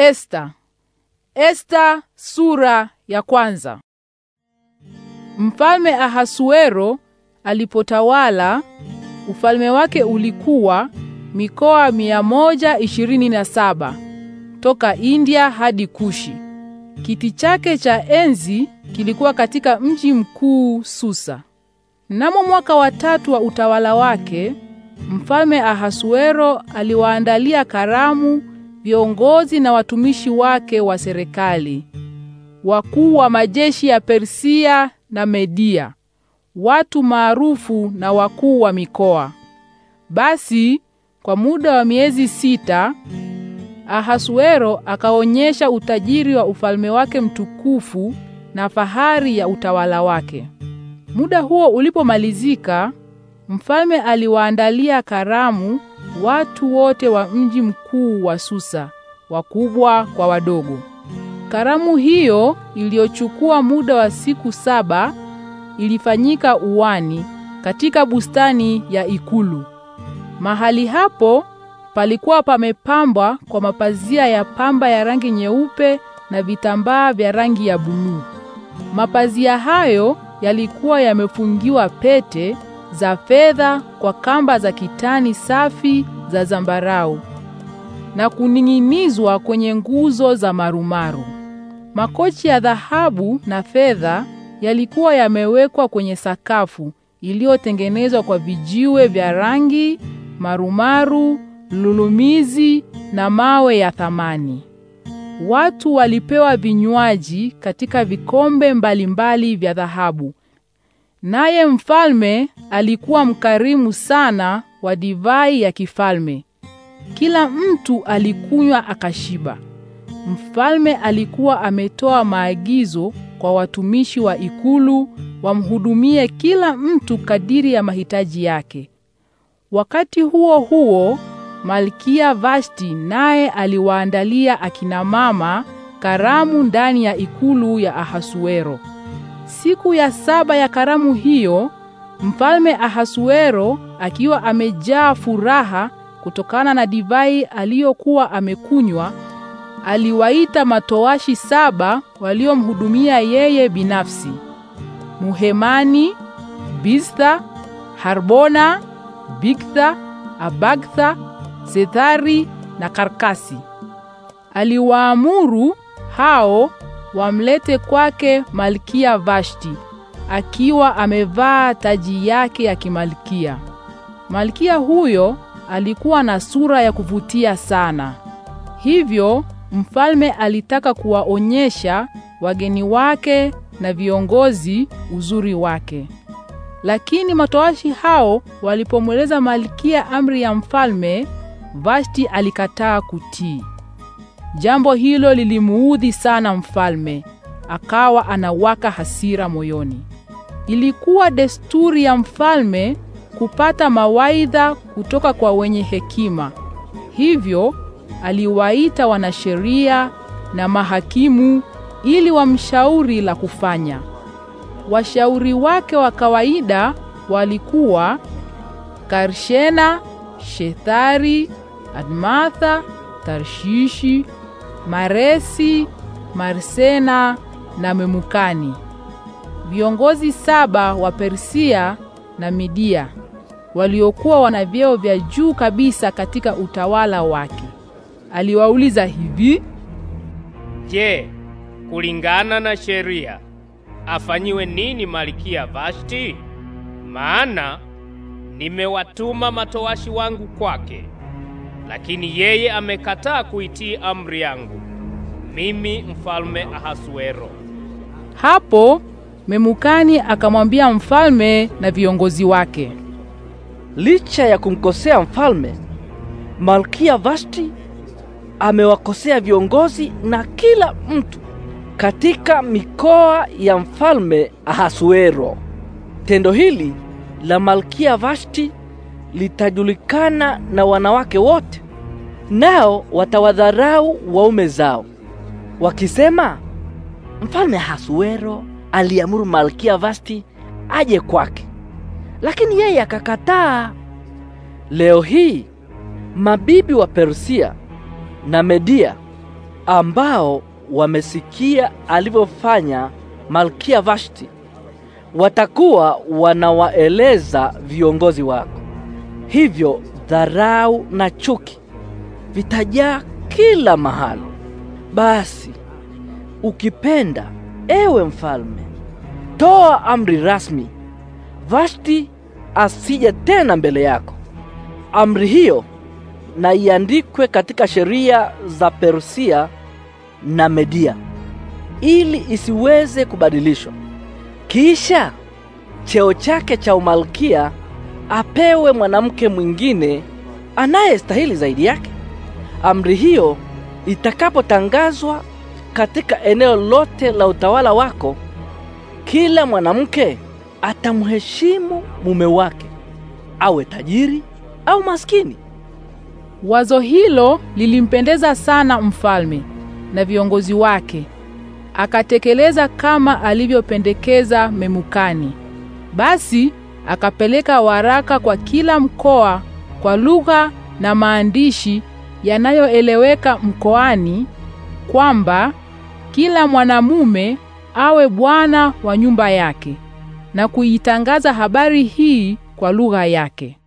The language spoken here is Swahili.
Esta. Esta sura ya kwanza. Mfalme Ahasuero alipotawala, ufalme wake ulikuwa mikoa saba toka India hadi Kushi. Kiti chake cha enzi kilikuwa katika mji mkuu Susa. Mnamo mwaka wa tatu wa utawala wake, mfalme Ahasuero aliwaandalia karamu viongozi na watumishi wake wa serikali, wakuu wa majeshi ya Persia na Media, watu maarufu na wakuu wa mikoa. Basi kwa muda wa miezi sita Ahasuero akaonyesha utajiri wa ufalme wake mtukufu na fahari ya utawala wake. Muda huo ulipomalizika, mfalme aliwaandalia karamu watu wote wa mji mkuu wa Susa, wakubwa kwa wadogo. Karamu hiyo iliyochukua muda wa siku saba ilifanyika uwani katika bustani ya ikulu. Mahali hapo palikuwa pamepambwa kwa mapazia ya pamba ya rangi nyeupe na vitambaa vya rangi ya buluu. Mapazia hayo yalikuwa yamefungiwa pete za fedha kwa kamba za kitani safi za zambarau na kuning'inizwa kwenye nguzo za marumaru. Makochi ya dhahabu na fedha yalikuwa yamewekwa kwenye sakafu iliyotengenezwa kwa vijiwe vya rangi, marumaru, lulumizi na mawe ya thamani. Watu walipewa vinywaji katika vikombe mbalimbali vya dhahabu Naye mfalme alikuwa mkarimu sana wa divai ya kifalme. Kila mtu alikunywa akashiba. Mfalme alikuwa ametoa maagizo kwa watumishi wa ikulu wamhudumie kila mtu kadiri ya mahitaji yake. Wakati huo huo, Malkia Vashti naye aliwaandalia akina mama karamu ndani ya ikulu ya Ahasuero. Siku ya saba ya karamu hiyo, mfalme Ahasuero akiwa amejaa furaha kutokana na divai aliyokuwa amekunywa, aliwaita matowashi saba waliomhudumia yeye binafsi: Muhemani, Bistha, Harbona, Bigtha, Abagtha, Sethari na Karkasi. Aliwaamuru hao wamlete kwake Malkia Vashti akiwa amevaa taji yake ya kimalkia. Malkia huyo alikuwa na sura ya kuvutia sana. Hivyo mfalme alitaka kuwaonyesha wageni wake na viongozi uzuri wake. Lakini matoashi hao walipomweleza malkia amri ya mfalme, Vashti alikataa kutii. Jambo hilo lilimuudhi sana mfalme, akawa anawaka hasira moyoni. Ilikuwa desturi ya mfalme kupata mawaidha kutoka kwa wenye hekima. Hivyo aliwaita wanasheria na mahakimu ili wamshauri la kufanya. Washauri wake wa kawaida walikuwa Karshena, Shethari, Admatha, Tarshishi Maresi, Marsena na Memukani, viongozi saba wa Persia na Midia waliokuwa wana vyeo vya juu kabisa katika utawala wake. Aliwauliza hivi: Je, kulingana na sheria afanyiwe nini Malikia Vashti? Maana nimewatuma matowashi wangu kwake lakini yeye amekataa kuitii amri yangu mimi mfalme Ahasuero. Hapo Memukani akamwambia mfalme na viongozi wake, licha ya kumkosea mfalme, Malkia Vashti amewakosea viongozi na kila mtu katika mikoa ya mfalme Ahasuero. Tendo hili la Malkia Vashti litajulikana na wanawake wote, nao watawadharau waume zao wakisema, mfalme Hasuero aliamuru malkia Vasti aje kwake, lakini yeye akakataa. Leo hii mabibi wa Persia na Media ambao wamesikia alivyofanya malkia Vashti watakuwa wanawaeleza viongozi wako. Hivyo dharau na chuki vitajaa kila mahali. Basi ukipenda, ewe mfalme, toa amri rasmi, Vashti asije tena mbele yako. Amri hiyo na iandikwe katika sheria za Persia na Media ili isiweze kubadilishwa. Kisha cheo chake cha umalkia apewe mwanamke mwingine anayestahili zaidi yake. Amri hiyo itakapotangazwa katika eneo lote la utawala wako, kila mwanamke atamheshimu mume wake, awe tajiri au maskini. Wazo hilo lilimpendeza sana mfalme na viongozi wake, akatekeleza kama alivyopendekeza Memukani. Basi akapeleka waraka kwa kila mkoa kwa lugha na maandishi yanayoeleweka mkoani kwamba kila mwanamume awe bwana wa nyumba yake na kuitangaza habari hii kwa lugha yake.